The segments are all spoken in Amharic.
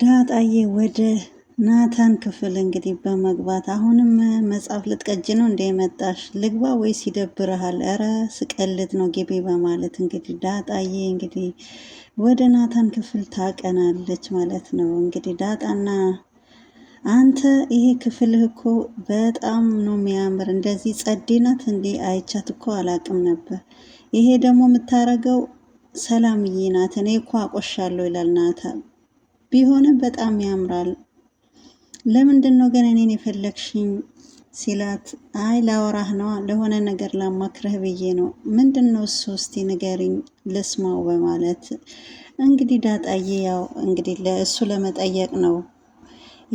ዳጣዬ ወደ ናታን ክፍል እንግዲህ በመግባት አሁንም መጽሐፍ ልትቀጅ ነው እንደ መጣሽ ልግባ ወይስ ይደብረሃል ኧረ ስቀልድ ነው ግቢ በማለት እንግዲህ ዳጣዬ እንግዲህ ወደ ናታን ክፍል ታቀናለች ማለት ነው። እንግዲህ ዳጣና አንተ ይሄ ክፍልህ እኮ በጣም ነው የሚያምር። እንደዚህ ጸዴ ናት እንዴ? አይቻት እኮ አላቅም ነበር። ይሄ ደግሞ የምታረገው ሰላምዬ ናት። እኔ እኮ አቆሻለሁ ይላል ናታን ቢሆንም በጣም ያምራል። ለምንድን ነው ግን እኔን የፈለግሽኝ ሲላት አይ ላወራህ ነዋ፣ ለሆነ ነገር ላማክረህ ብዬ ነው። ምንድን ነው እሱ? እስቲ ንገሪኝ ልስማው በማለት እንግዲህ ዳጣዬ ያው እንግዲህ ለእሱ ለመጠየቅ ነው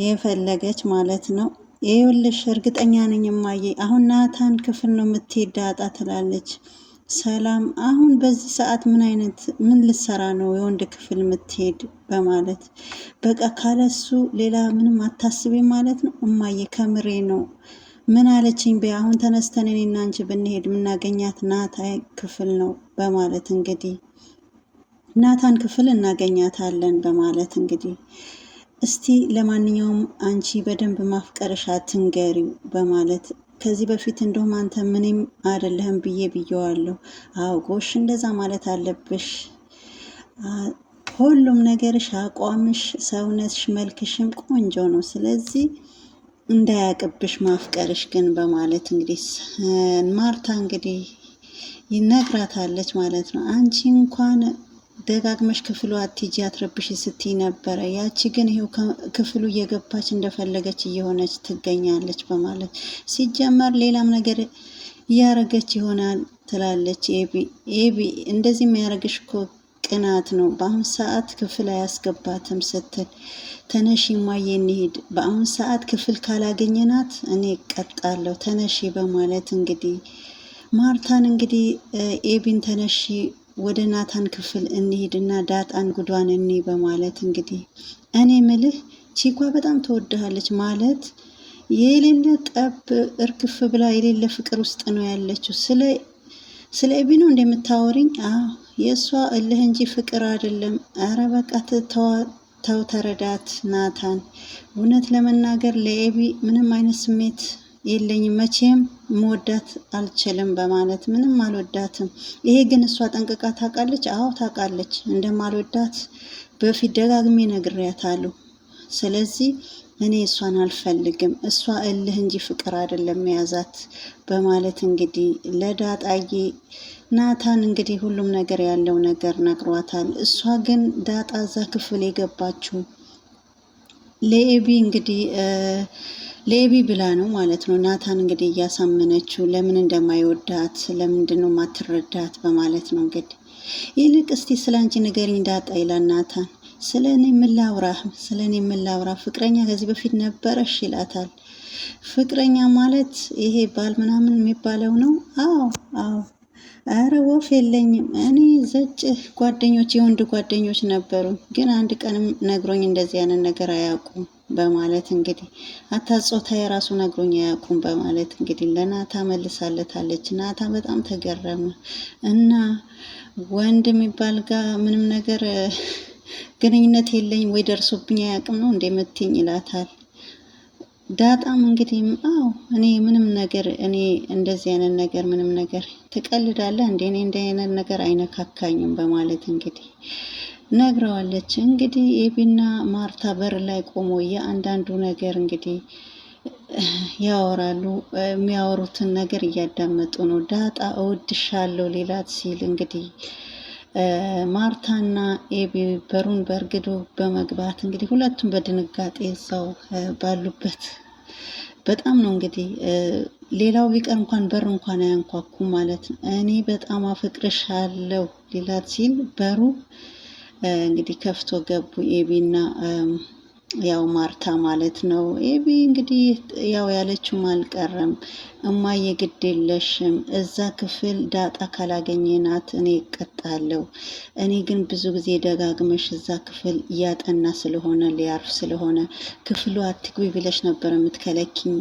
የፈለገች ማለት ነው። ይኸውልሽ እርግጠኛ ነኝ እማዬ፣ አሁን ናታን ክፍል ነው የምትሄድ ዳጣ ትላለች። ሰላም አሁን በዚህ ሰዓት ምን አይነት ምን ልትሰራ ነው የወንድ ክፍል የምትሄድ? በማለት በቃ ካለሱ ሌላ ምንም አታስቤ ማለት ነው። እማዬ ከምሬ ነው ምን አለችኝ? በይ አሁን ተነስተን እኔና አንቺ ብንሄድ የምናገኛት ናታ ክፍል ነው በማለት እንግዲህ ናታን ክፍል እናገኛታለን በማለት እንግዲህ እስቲ ለማንኛውም አንቺ በደንብ ማፍቀረሻ ትንገሪው በማለት ከዚህ በፊት እንደውም አንተ ምንም አይደለህም ብዬ ብየዋለሁ። አዎ ጎሽ፣ እንደዛ ማለት አለብሽ። ሁሉም ነገርሽ፣ አቋምሽ፣ ሰውነትሽ፣ መልክሽም ቆንጆ ነው። ስለዚህ እንዳያቅብሽ ማፍቀርሽ ግን በማለት እንግዲህ ማርታ እንግዲህ ይነግራታለች ማለት ነው። አንቺ እንኳን ደጋግመሽ ክፍሉ አትጂ አትረብሽ ስትይ ነበረ። ያቺ ግን ይሄው ክፍሉ እየገባች እንደፈለገች እየሆነች ትገኛለች በማለት ሲጀመር ሌላም ነገር እያረገች ይሆናል ትላለች ኤቢ። ኤቢ እንደዚህ የሚያረግሽ እኮ ቅናት ነው፣ በአሁን ሰዓት ክፍል አያስገባትም ስትል ተነሺ ማየ እንሂድ፣ በአሁን ሰዓት ክፍል ካላገኘናት እኔ እቀጣለሁ ተነሺ በማለት እንግዲህ ማርታን እንግዲህ ኤቢን ተነሺ ወደ ናታን ክፍል እንሂድና ዳጣን ጉዷን እኔ በማለት እንግዲህ እኔ ምልህ ቺኳ በጣም ተወድሃለች ማለት የሌለ ጠብ እርግፍ ብላ የሌለ ፍቅር ውስጥ ነው ያለችው። ስለ ኤቢ ነው እንደምታወሪኝ? አዎ የእሷ እልህ እንጂ ፍቅር አይደለም። አረ በቃ ተው ተረዳት ናታን። እውነት ለመናገር ለኤቢ ምንም አይነት ስሜት የለኝም መቼም መወዳት አልችልም በማለት ምንም አልወዳትም። ይሄ ግን እሷ ጠንቅቃ ታውቃለች። አዎ ታውቃለች እንደማልወዳት በፊት ደጋግሜ ነግሬያታለሁ። ስለዚህ እኔ እሷን አልፈልግም፣ እሷ እልህ እንጂ ፍቅር አይደለም የያዛት በማለት እንግዲህ ለዳጣዬ ናታን እንግዲህ ሁሉም ነገር ያለው ነገር ነግሯታል። እሷ ግን ዳጣ እዛ ክፍል የገባችው ለኤቢ እንግዲህ ለኤቢ ብላ ነው ማለት ነው። ናታን እንግዲህ እያሳመነችው ለምን እንደማይወዳት ለምንድን ነው ማትረዳት በማለት ነው እንግዲህ ይልቅ እስቲ ስለ አንቺ ንገሪኝ ዳጣ ይላል ናታን። ስለ እኔ የምላውራ ስለ እኔ የምላውራ ፍቅረኛ ከዚህ በፊት ነበረሽ ይላታል። ፍቅረኛ ማለት ይሄ ባል ምናምን የሚባለው ነው። አዎ አዎ አረ ወፍ የለኝም። እኔ ዘጭ ጓደኞች የወንድ ጓደኞች ነበሩ፣ ግን አንድ ቀንም ነግሮኝ እንደዚህ ያንን ነገር አያውቁም በማለት እንግዲህ አታጾታ የራሱ ነግሮኝ አያውቁም በማለት እንግዲህ ለናታ መልሳለታለች። ናታ በጣም ተገረመ እና ወንድ የሚባል ጋር ምንም ነገር ግንኙነት የለኝም ወይ ደርሶብኝ አያውቅም ነው እንደምትኝ ይላታል። ዳጣም እንግዲህ አዎ እኔ ምንም ነገር እኔ እንደዚህ አይነት ነገር ምንም ነገር ትቀልዳለህ እንዴ? እኔ እንደ አይነት ነገር አይነካካኝም በማለት እንግዲህ ነግረዋለች። እንግዲህ ኤቢና ማርታ በር ላይ ቆሞ የአንዳንዱ ነገር እንግዲህ ያወራሉ። የሚያወሩትን ነገር እያዳመጡ ነው። ዳጣ እወድሻለሁ ሌላት ሲል እንግዲህ ማርታና ኤቢ በሩን በእርግዶ በመግባት እንግዲህ ሁለቱም በድንጋጤ እዛው ባሉበት በጣም ነው እንግዲህ ሌላው ቢቀር እንኳን በር እንኳን አያንኳኩም ማለት ነው። እኔ በጣም አፈቅርሻለሁ ሌላት ሲል በሩ እንግዲህ ከፍቶ ገቡ ኤቢና ያው ማርታ ማለት ነው። ኤቢ እንግዲህ ያው ያለችውም አልቀረም። እማዬ ግድ የለሽም እዛ ክፍል ዳጣ ካላገኘናት እኔ እቀጣለሁ። እኔ ግን ብዙ ጊዜ ደጋግመሽ እዛ ክፍል እያጠና ስለሆነ ሊያርፍ ስለሆነ ክፍሉ አትግቢ ብለሽ ነበር የምትከለኪኝ።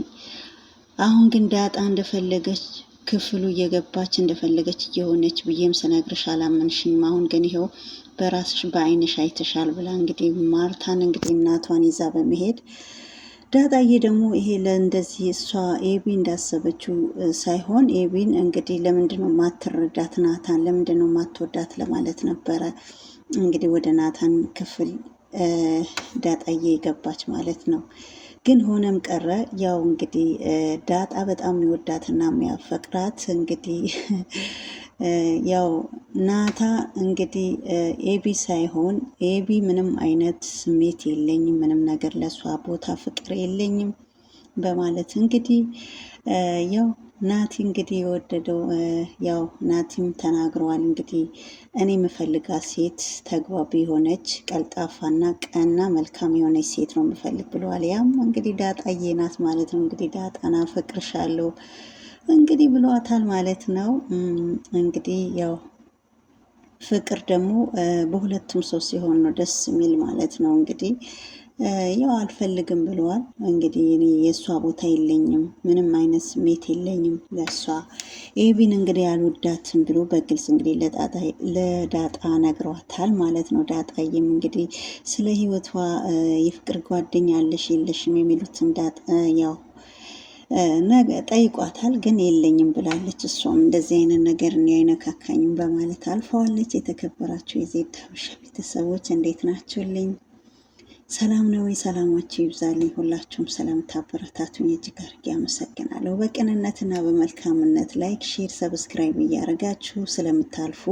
አሁን ግን ዳጣ እንደፈለገች ክፍሉ እየገባች እንደፈለገች እየሆነች ብዬም ስነግርሽ አላመንሽም። አሁን ግን ይኸው በራስሽ በአይንሽ አይተሻል ብላ እንግዲህ ማርታን እንግዲህ እናቷን ይዛ በመሄድ ዳጣዬ ደግሞ ይሄ ለእንደዚህ እሷ ኤቢ እንዳሰበችው ሳይሆን ኤቢን እንግዲህ ለምንድነው ማትረዳት ናታን ለምንድነው ማትወዳት ለማለት ነበረ እንግዲህ ወደ ናታን ክፍል ዳጣዬ ገባች ማለት ነው። ግን ሆነም ቀረ ያው እንግዲህ ዳጣ በጣም የሚወዳትና የሚያፈቅራት እንግዲህ ያው ናታ እንግዲህ ኤቢ ሳይሆን ኤቢ ምንም አይነት ስሜት የለኝም፣ ምንም ነገር ለሷ ቦታ ፍቅር የለኝም በማለት እንግዲህ ያው ናቲ እንግዲህ የወደደው ያው ናቲም ተናግረዋል። እንግዲህ እኔ የምፈልጋት ሴት ተግባቢ የሆነች ቀልጣፋና ቀና መልካም የሆነች ሴት ነው የምፈልግ ብለዋል። ያም እንግዲህ ዳጣዬ ናት ማለት ነው። እንግዲህ ዳጣና አፈቅርሻለሁ እንግዲህ ብሏታል ማለት ነው። እንግዲህ ያው ፍቅር ደግሞ በሁለቱም ሰው ሲሆን ነው ደስ የሚል ማለት ነው። እንግዲህ ያው አልፈልግም ብለዋል። እንግዲህ እኔ የእሷ ቦታ የለኝም፣ ምንም አይነት ስሜት የለኝም ለእሷ ኤቢን እንግዲህ አልወዳትም ብሎ በግልጽ እንግዲህ ለዳጣ ነግሯታል ማለት ነው። ዳጣዬም እንግዲህ ስለ ህይወቷ የፍቅር ጓደኛ አለሽ የለሽም የሚሉትን ዳጣ ያው ጠይቋታል፣ ግን የለኝም ብላለች። እሷም እንደዚህ አይነት ነገር እኔ አይነካካኝም በማለት አልፈዋለች። የተከበራችሁ የዜድ ሀበሻ ቤተሰቦች እንዴት ናችሁልኝ? ሰላም ነው ወይ? ሰላማችሁ ይብዛልኝ። ሁላችሁም ስለምታበረታቱኝ እጅግ አድርጌ አመሰግናለሁ። በቅንነትና በመልካምነት ላይክ፣ ሼር፣ ሰብስክራይብ እያደረጋችሁ ስለምታልፉ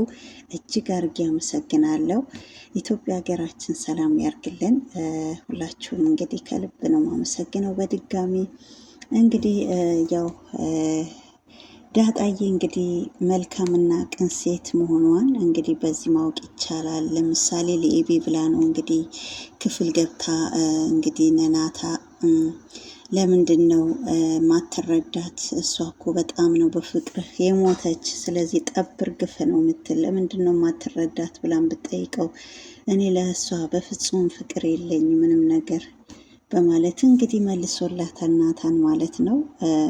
እጅግ አድርጌ አመሰግናለሁ። ኢትዮጵያ ሀገራችን ሰላም ያርግልን። ሁላችሁም እንግዲህ ከልብ ነው ማመሰግነው በድጋሚ እንግዲህ ያው ዳጣዬ እንግዲህ መልካምና ቅን ሴት መሆኗን እንግዲህ በዚህ ማወቅ ይቻላል። ለምሳሌ ለኤቤ ብላ ነው እንግዲህ ክፍል ገብታ እንግዲህ ነናታ ለምንድን ነው ማትረዳት? እሷ እኮ በጣም ነው በፍቅርህ የሞተች። ስለዚህ ጠብር ግፍ ነው ምትል ለምንድን ነው ማትረዳት ብላን ብጠይቀው እኔ ለእሷ በፍጹም ፍቅር የለኝ ምንም ነገር በማለት እንግዲህ መልሶላታል ናታን ማለት ነው።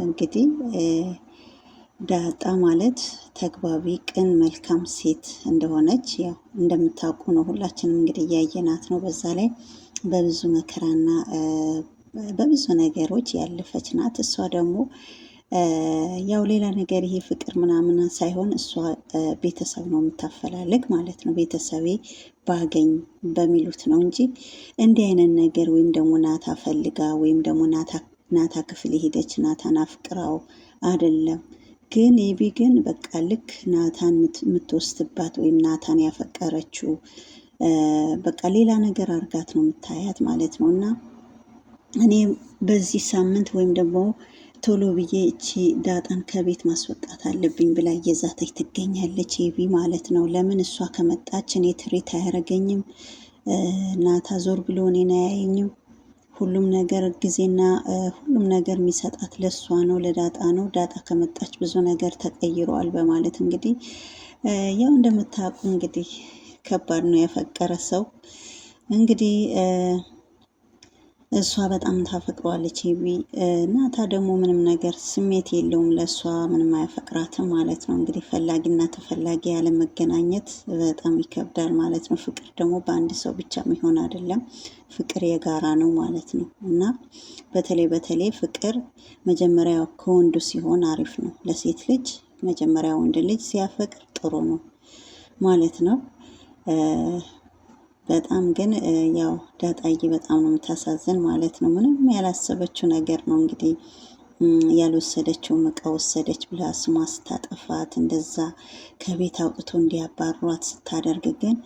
እንግዲህ ዳጣ ማለት ተግባቢ፣ ቅን፣ መልካም ሴት እንደሆነች ያው እንደምታውቁ ነው። ሁላችንም እንግዲህ እያየናት ነው። በዛ ላይ በብዙ መከራና በብዙ ነገሮች ያለፈች ናት። እሷ ደግሞ ያው ሌላ ነገር ይሄ ፍቅር ምናምን ሳይሆን እሷ ቤተሰብ ነው የምታፈላልግ ማለት ነው። ቤተሰቤ ባገኝ በሚሉት ነው እንጂ እንዲህ አይነት ነገር ወይም ደግሞ ናታ ፈልጋ ወይም ደግሞ ናታ ክፍል የሄደች ናታን አፍቅራው አይደለም። ግን ኤቢ ግን በቃ ልክ ናታን የምትወስድባት ወይም ናታን ያፈቀረችው በቃ ሌላ ነገር አርጋት ነው የምታያት ማለት ነው እና እኔ በዚህ ሳምንት ወይም ደግሞ ቶሎ ብዬ እቺ ዳጣን ከቤት ማስወጣት አለብኝ ብላ እየዛተች ትገኛለች። ኤቢ ማለት ነው። ለምን እሷ ከመጣች እኔ ትሬት አያረገኝም፣ ናታ ዞር ብሎ እኔን አያየኝም። ሁሉም ነገር ጊዜና ሁሉም ነገር የሚሰጣት ለእሷ ነው ለዳጣ ነው። ዳጣ ከመጣች ብዙ ነገር ተቀይሯል በማለት እንግዲህ ያው እንደምታውቁ እንግዲህ ከባድ ነው የፈቀረ ሰው እንግዲህ እሷ በጣም ታፈቅሯለች ቢ እናታ ደግሞ ምንም ነገር ስሜት የለውም ለእሷ ምንም አያፈቅራትም ማለት ነው። እንግዲህ ፈላጊና ተፈላጊ ያለመገናኘት በጣም ይከብዳል ማለት ነው። ፍቅር ደግሞ በአንድ ሰው ብቻ የሚሆን አይደለም። ፍቅር የጋራ ነው ማለት ነው እና በተለይ በተለይ ፍቅር መጀመሪያ ከወንዱ ሲሆን አሪፍ ነው። ለሴት ልጅ መጀመሪያ ወንድ ልጅ ሲያፈቅር ጥሩ ነው ማለት ነው። በጣም ግን ያው ዳጣዬ በጣም ነው የምታሳዝን ማለት ነው። ምንም ያላሰበችው ነገር ነው እንግዲህ ያልወሰደችውም እቃ ወሰደች ብላ ስሟ ስታጠፋት እንደዛ ከቤት አውጥቶ እንዲያባሯት ስታደርግ ግን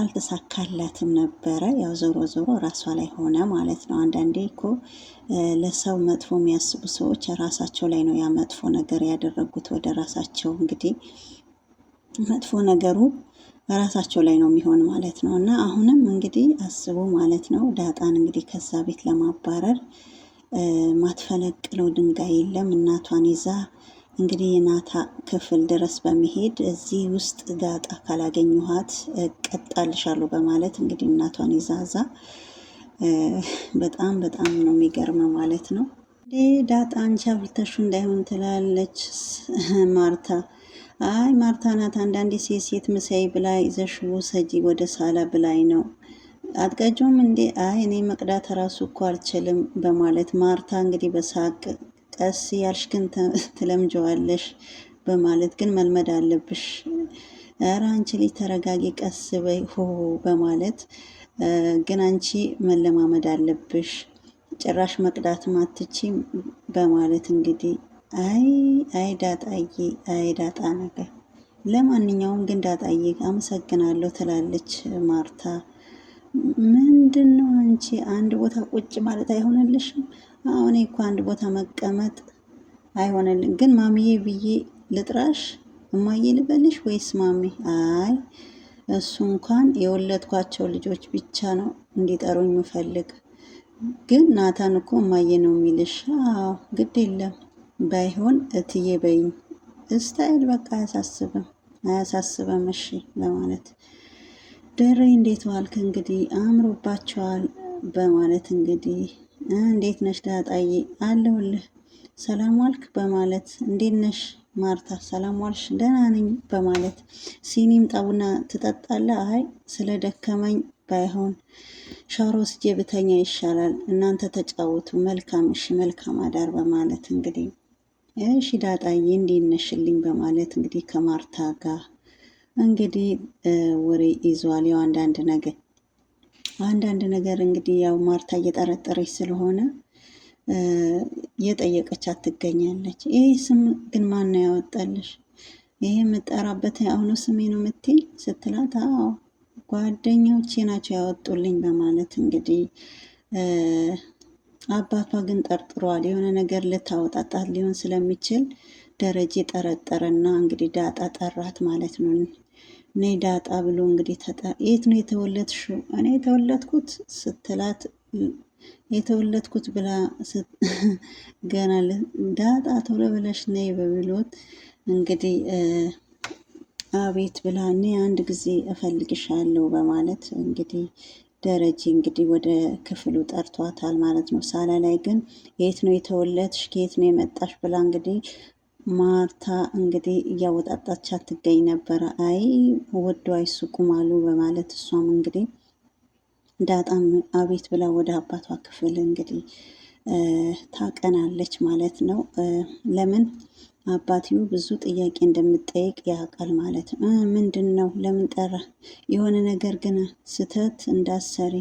አልተሳካላትም ነበረ። ያው ዞሮ ዞሮ ራሷ ላይ ሆነ ማለት ነው። አንዳንዴ እኮ ለሰው መጥፎ የሚያስቡ ሰዎች ራሳቸው ላይ ነው ያ መጥፎ ነገር ያደረጉት ወደ ራሳቸው እንግዲህ መጥፎ ነገሩ በራሳቸው ላይ ነው የሚሆን ማለት ነው። እና አሁንም እንግዲህ አስቡ ማለት ነው። ዳጣን እንግዲህ ከዛ ቤት ለማባረር ማትፈለቅለው ድንጋይ የለም። እናቷን ይዛ እንግዲህ የናታ ክፍል ድረስ በመሄድ እዚህ ውስጥ ዳጣ ካላገኘኋት እቀጣልሻለሁ በማለት እንግዲህ እናቷን ይዛዛ በጣም በጣም ነው የሚገርመ ማለት ነው። ዳጣ አንቺ አብልተሹ እንዳይሆን ትላለች ማርታ አይ ማርታ ናት አንዳንዴ ሴት ሴት ምሳይ ብላ ይዘሽ ውሰጂ ወደ ሳላ ብላይ ነው አትቀጂውም እንዴ? አይ እኔ መቅዳት ራሱ እኮ አልችልም በማለት ማርታ እንግዲህ በሳቅ ቀስ ያልሽ ግን ትለምጀዋለሽ በማለት ግን መልመድ አለብሽ። ኧረ አንቺ ልጅ ተረጋጊ፣ ቀስ በይ ሆ በማለት ግን አንቺ መለማመድ አለብሽ ጭራሽ መቅዳትም አትችም በማለት እንግዲህ አይ አይ ዳጣዬ አይ ዳጣ ነገር። ለማንኛውም ግን ዳጣዬ አመሰግናለሁ ትላለች ማርታ። ምንድን ነው አንቺ አንድ ቦታ ቁጭ ማለት አይሆንልሽም? አሁን እኮ አንድ ቦታ መቀመጥ አይሆንልን። ግን ማሚዬ ብዬ ልጥራሽ እማዬ ልበልሽ ወይስ ማሚ? አይ እሱ እንኳን የወለድኳቸው ልጆች ብቻ ነው እንዲጠሩኝ ምፈልግ። ግን ናታን እኮ እማዬ ነው የሚልሽ። አዎ ግድ የለም ባይሆን እትዬ በይኝ እስታይል በቃ አያሳስብም አያሳስብም። እሺ በማለት ደሬ እንዴት ዋልክ? እንግዲህ አምሮባቸዋል በማለት እንግዲህ እንዴት ነሽ ዳጣዬ? አለሁልህ ሰላም ዋልክ በማለት እንዴት ነሽ ማርታ? ሰላም ዋልሽ? ደህና ነኝ በማለት ሲኒም ጣቡና ትጠጣለ። አይ ስለ ደከመኝ ባይሆን ሻሮ ስጄ ብተኛ ይሻላል። እናንተ ተጫወቱ። መልካም እሺ፣ መልካም አዳር በማለት እንግዲህ እሺ ዳጣዬ እንዴት ነሽልኝ በማለት እንግዲህ ከማርታ ጋር እንግዲህ ወሬ ይዟል። ያው አንዳንድ ነገር አንዳንድ ነገር እንግዲህ ያው ማርታ እየጠረጠረች ስለሆነ እየጠየቀቻት ትገኛለች። ይህ ስም ግን ማን ነው ያወጣልሽ? ይህ የምጠራበት አሁኑ ስሜ ነው የምትይኝ ስትላት፣ አዎ ጓደኞቼ ናቸው ያወጡልኝ በማለት እንግዲህ አባቷ ግን ጠርጥሯል። የሆነ ነገር ልታወጣጣት ሊሆን ስለሚችል ደረጀ ጠረጠረና እንግዲህ ዳጣ ጠራት ማለት ነው። እኔ ዳጣ ብሎ እንግዲህ ተጠ የት ነው የተወለድሽው? እኔ የተወለድኩት ስትላት የተወለድኩት ብላ ገና ዳጣ ቶሎ ብለሽ ነይ በብሎት እንግዲህ አቤት ብላ እኔ አንድ ጊዜ እፈልግሻለሁ በማለት እንግዲህ ደረጀ እንግዲህ ወደ ክፍሉ ጠርቷታል ማለት ነው። ሳላ ላይ ግን የት ነው የተወለድሽ ከየት ነው የመጣሽ ብላ እንግዲህ ማርታ እንግዲህ እያወጣጣች ትገኝ ነበረ። አይ ወዶ አይሱቁም አሉ በማለት እሷም እንግዲህ ዳጣም አቤት ብላ ወደ አባቷ ክፍል እንግዲህ ታቀናለች ማለት ነው። ለምን አባትዮ ብዙ ጥያቄ እንደምጠይቅ ያውቃል ማለት ነው። ምንድን ነው ለምን ጠራ? የሆነ ነገር ግን ስተት እንዳሰሪ።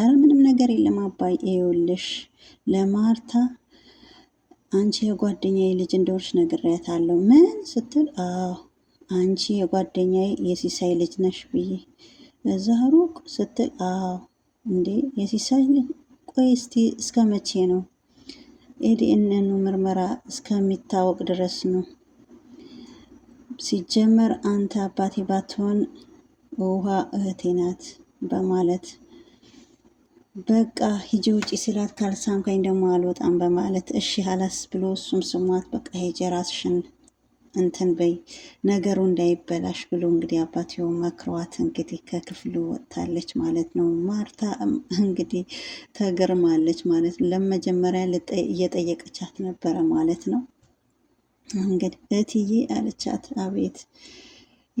አረ ምንም ነገር የለም አባይ፣ ይኸውልሽ ለማርታ አንቺ የጓደኛዬ ልጅ እንደሆንሽ ነግሬያታለሁ። ምን ስትል? አዎ አንቺ የጓደኛዬ የሲሳይ ልጅ ነሽ ብዬ እዛ ሩቅ ስትል፣ አዎ እንዴ የሲሳይ ልጅ ቆይ እስቲ እስከ መቼ ነው የዲኤንኤኑ ምርመራ እስከሚታወቅ ድረስ ነው። ሲጀመር አንተ አባቴ ባትሆን ውሃ እህቴ ናት በማለት በቃ ሂጂ ውጪ ስላት ካልሳምካኝ ደግሞ አልወጣም በማለት እሺ ሀላስ ብሎ እሱም ስሟት በቃ ሄጀ ራስሽን እንትን በይ ነገሩ እንዳይበላሽ ብሎ እንግዲህ አባትየው መክሯት እንግዲህ ከክፍሉ ወጥታለች ማለት ነው። ማርታ እንግዲህ ተገርማለች ማለት ነው። ለመጀመሪያ እየጠየቀቻት ነበረ ማለት ነው። እንግዲህ እትዬ አለቻት። አቤት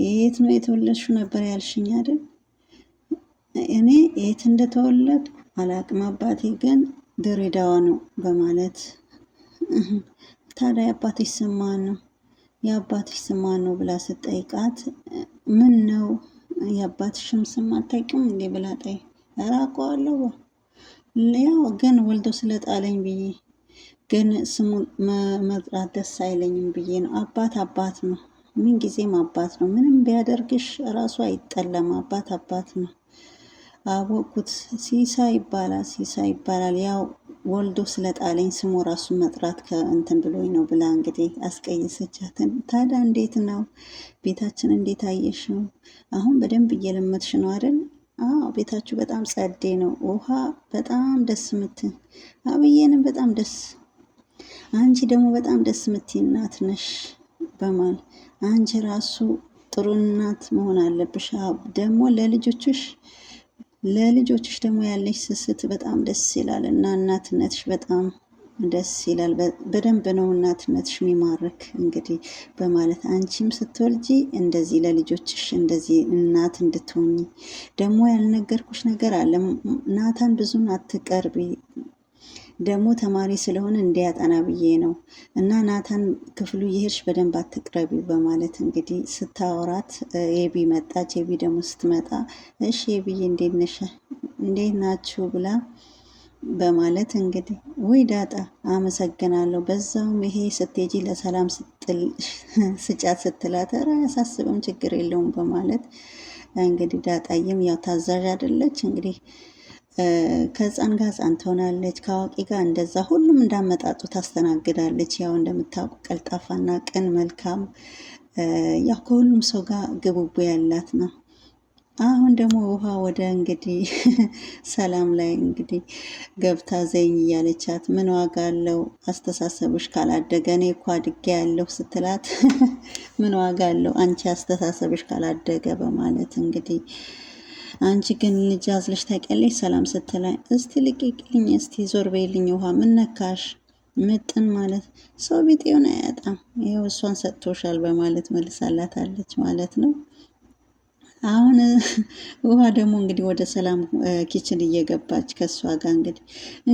የት ነው የተወለድሹ ነበር ያልሽኝ አይደል? እኔ የት እንደተወለድ አላቅም፣ አባቴ ግን ድሬዳዋ ነው በማለት ታዲያ አባትሽ ይሰማ ነው የአባትሽ ስም ማን ነው ብላ ስትጠይቃት ምን ነው የአባትሽም ስም አታውቂም እንዴ ብላ ጠይ እራቀዋለሁ ያው ግን ወልዶ ስለጣለኝ ብዬ ግን ስሙ መጥራት ደስ አይለኝም ብዬ ነው። አባት አባት ነው፣ ምን ጊዜም አባት ነው። ምንም ቢያደርግሽ ራሱ አይጠለም። አባት አባት ነው። አወቅኩት። ሲሳ ይባላል፣ ሲሳ ይባላል። ያው ወልዶ ስለጣለኝ ስሙ ራሱ መጥራት ከእንትን ብሎኝ ነው ብላ እንግዲህ አስቀይሰቻትን። ታዲያ እንዴት ነው ቤታችን እንዴት አየሽው? አሁን በደንብ እየለመድሽ ነው አይደል? አዎ ቤታችሁ በጣም ጸዴ ነው። ውሃ በጣም ደስ ምትን፣ አብዬንም በጣም ደስ አንቺ ደግሞ በጣም ደስ ምትይ እናት ነሽ በማል አንቺ ራሱ ጥሩ እናት መሆን አለብሽ ደግሞ ለልጆችሽ ለልጆችሽ ደግሞ ያለሽ ስስት በጣም ደስ ይላል እና እናትነትሽ በጣም ደስ ይላል። በደንብ ነው እናትነትሽ የሚማርክ እንግዲህ በማለት አንቺም ስትወልጂ እንደዚህ ለልጆችሽ እንደዚህ እናት እንድትሆኝ ደግሞ ያልነገርኩሽ ነገር አለ። ናታን ብዙም አትቀርቢ ደግሞ ተማሪ ስለሆነ እንዲያጠና ብዬ ነው። እና ናታን ክፍሉ እየሄድሽ በደንብ አትቅረቢ በማለት እንግዲህ ስታወራት ኤቢ መጣች። ኤቢ ደግሞ ስትመጣ እሺ ኤቢዬ እንዴት ነሽ እንዴት ናችሁ ብላ በማለት እንግዲህ ወይ ዳጣ አመሰግናለሁ፣ በዛውም ይሄ ስትሄጂ ለሰላም ስጫት ስትላት ኧረ አያሳስብም ችግር የለውም በማለት እንግዲህ ዳጣዬም ያው ታዛዥ አይደለች እንግዲህ ከህፃን ጋር ህፃን ትሆናለች፣ ከአዋቂ ጋር እንደዛ ሁሉም እንዳመጣጡ ታስተናግዳለች። ያው እንደምታውቁ ቀልጣፋና ቅን መልካም፣ ያው ከሁሉም ሰው ጋር ግቡቡ ያላት ነው። አሁን ደግሞ ውሃ ወደ እንግዲህ ሰላም ላይ እንግዲህ ገብታ ዘኝ እያለቻት ምን ዋጋ አለው አስተሳሰብሽ ካላደገ እኔ እኮ አድጌ ያለሁ ስትላት ምን ዋጋ አለው አንቺ አስተሳሰብሽ ካላደገ በማለት እንግዲህ አንቺ ግን ልጅ አዝለሽ ታውቂያለሽ? ሰላም ስትለኝ እስቲ ልቅቅልኝ፣ እስቲ ዞር በይልኝ፣ ውሃ ምን ነካሽ? ምጥን ማለት ሰው ቢጤውን አያጣም፣ ይኸው እሷን ሰጥቶሻል በማለት መልሳላታለች ማለት ነው። አሁን ውሃ ደግሞ እንግዲህ ወደ ሰላም ኪችን እየገባች ከእሷ ጋር እንግዲህ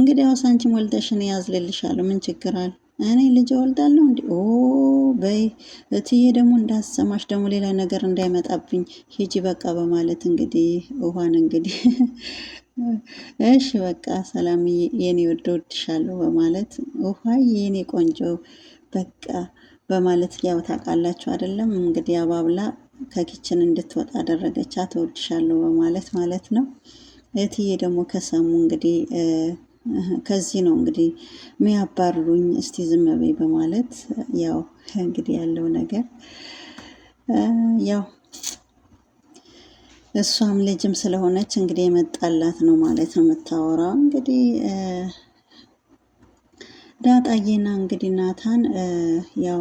እንግዲህ አውሳንቺም ወልደሽን ያዝልልሻለሁ ምን ችግር አለ እኔ ልጅ እወልዳለሁ እንዲ ኦ በይ እትዬ ደግሞ እንዳሰማሽ ደግሞ ሌላ ነገር እንዳይመጣብኝ ሂጂ በቃ በማለት እንግዲህ ውሃን እንግዲህ እሺ በቃ ሰላም የኔ ወደ ወድሻለሁ በማለት ውሃ የኔ ቆንጆ በቃ በማለት ያው ታውቃላችሁ አይደለም እንግዲህ አባብላ ከኪችን እንድትወጣ አደረገቻት። እወድሻለሁ በማለት ማለት ነው። እትዬ ደግሞ ከሰሙ እንግዲህ ከዚህ ነው እንግዲህ የሚያባርሩኝ እስቲ ዝም በይ በማለት ያው እንግዲህ ያለው ነገር ያው እሷም ልጅም ስለሆነች እንግዲህ የመጣላት ነው ማለት ነው የምታወራው። እንግዲህ ዳጣዬና እንግዲህ ናታን ያው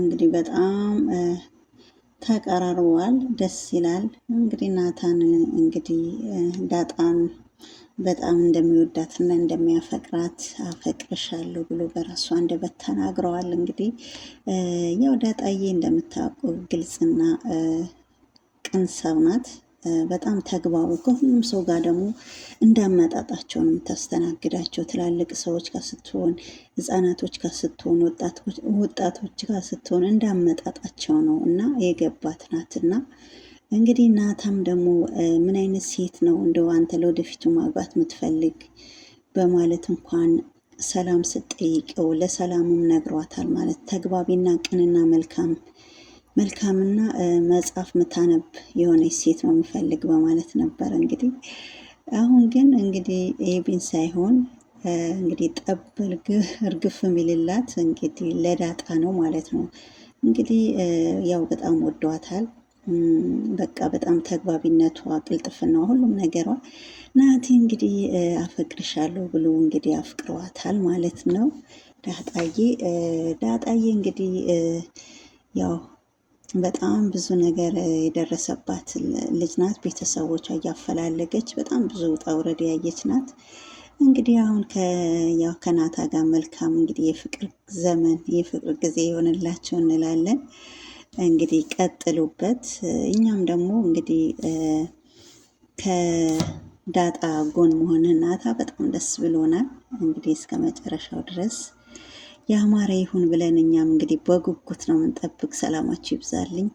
እንግዲህ በጣም ተቀራርበዋል። ደስ ይላል። እንግዲህ ናታን እንግዲህ ዳጣን በጣም እንደሚወዳትና እንደሚያፈቅራት አፈቅርሻለሁ ብሎ በራሱ አንደበት ተናግረዋል። እንግዲህ ያው ዳጣዬ እንደምታውቁ ግልጽና ቅን ሰው ናት። በጣም ተግባቡ ከሁሉም ሰው ጋር ደግሞ እንዳመጣጣቸውን የምታስተናግዳቸው ትላልቅ ሰዎች ጋር ስትሆን፣ ህጻናቶች ጋር ስትሆን፣ ወጣቶች ጋር ስትሆን እንዳመጣጣቸው ነው እና የገባት ናት እና እንግዲህ ናታም ደግሞ ምን አይነት ሴት ነው እንደው አንተ ለወደፊቱ ማግባት የምትፈልግ በማለት እንኳን ሰላም ስትጠይቀው ለሰላምም ነግሯታል። ማለት ተግባቢና ቅንና መልካም መልካምና መጽሐፍ ምታነብ የሆነች ሴት ነው የምፈልግ በማለት ነበር እንግዲህ አሁን ግን እንግዲህ ኤቢን ሳይሆን እንግዲህ ጠበል እርግፍ የሚልላት እንግዲህ ለዳጣ ነው ማለት ነው። እንግዲህ ያው በጣም ወደዋታል። በቃ በጣም ተግባቢነቷ፣ ቅልጥፍናዋ፣ ሁሉም ነገሯ ናቲ እንግዲህ አፈቅርሻለሁ ብሎ እንግዲህ አፍቅሯታል ማለት ነው። ዳጣዬ ዳጣዬ እንግዲህ ያው በጣም ብዙ ነገር የደረሰባት ልጅ ናት። ቤተሰቦቿ እያፈላለገች በጣም ብዙ ውጣ ውረድ ያየች ናት። እንግዲህ አሁን ያው ከናታ ጋር መልካም እንግዲህ የፍቅር ዘመን የፍቅር ጊዜ ይሆንላቸው እንላለን። እንግዲህ ቀጥሉበት። እኛም ደግሞ እንግዲህ ከዳጣ ጎን መሆን ናታ በጣም ደስ ብሎናል። እንግዲህ እስከ መጨረሻው ድረስ ያማረ ይሁን ብለን እኛም እንግዲህ በጉጉት ነው የምንጠብቅ። ሰላማችሁ ይብዛልኝ።